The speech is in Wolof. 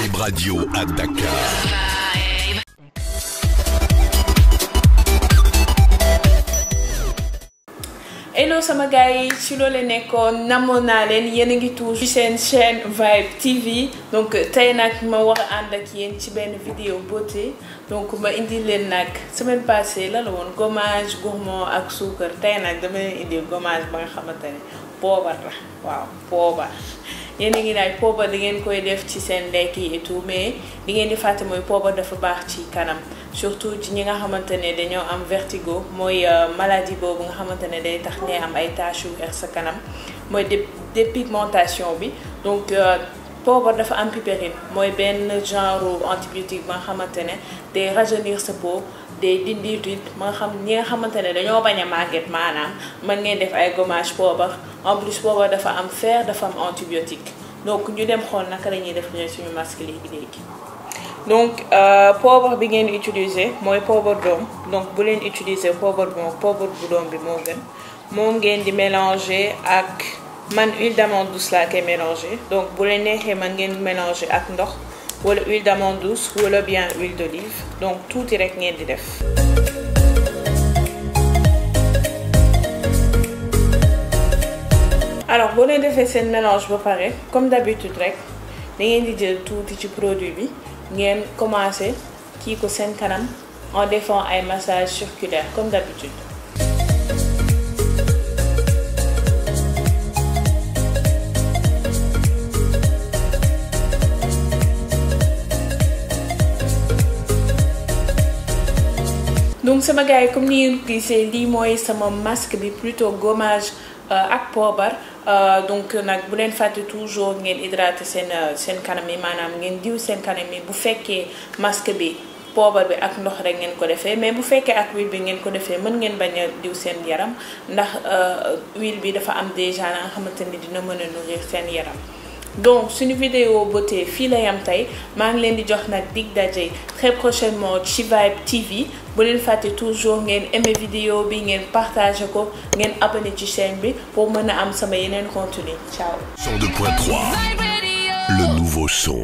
Vibe Radio sama gars yi ci loolee nekkoon namoon naa leen yenn a ngi toujours seen chaîne Vibe TV donc tey nag ma wax a ànd ak yéen ci benn vidéo beauté donc ma indi leen nag semaine passée la la woon gommage gourmand ak suukar tey nag dama leen indi gommage ba nga xamante ne poobar la waaw poobar yéen a ngi laaj poobar di ngeen koy def ci seen lekk yi et tout mais li ngeen di fàtte mooy poobar dafa baax ci kanam surtout ci ñi nga xamante ne dañoo am vertigo mooy euh, maladie boobu nga xamante ne day tax ngay am ay taches yu sa kanam mooy dépigmentation bi donc. Euh, poobar dafa am pipérine mooy benn genre antibiotique ba nga xamante ne day rajeunir sa peau day dindi ride ma nga xam ñi nga xamante ne dañoo bañ a màgget maanaam mën ngeen def ay gommage poobar en plus poobar dafa am fer dafa am antibiotique donc ñu dem xool naka la ñuy def suñu masque léegi léegi. donc euh, poobar bi ngeen utiliser mooy poobar doom donc bu leen utiliser poobar bu poobar bu doom bi moo gën moom ngeen di mélanger ak. man huile d'amande douce laa koy mélangé donc bu leen neexee man ngeen mélangé ak ndox wala huile d'amande douce wala bien huile d'olive donc tuuti rek ngeen di def. alors boo leen defee seen mélange ba pare comme d'habitude rek da ngeen di jël tuuti ci produit bi ngeen commencé kii ko seen kanam en défend ay massage circulaire comme d'habitude donc sama gars yi comme ni ngeen gisee lii mooy sama masque bi plutôt gomage euh, ak poobar euh, donc nag bu leen fàtte toujours ngeen hydrater seen euh, seen kanam yi maanaam ngeen diw seen kanam yi bu fekkee masque bi poobar bi ak ndox rek ngeen ko defee mais bu fekkee ak huile bi ngeen ko defee mën ngeen bañ a diw seen yaram ndax huile bi dafa am déjà la nga xamante ni dina mën a nourrir seen yaram donc c'est une vidéo beauté fii tay, yam di dig très prochainement Chivibe TV bu leen toujours ngeen aimez vidéo bi ngeen partagé ko ngeen abonné ci chaîne bi pour mën am sama yenen contenu ciao. 2.3. le nouveau son.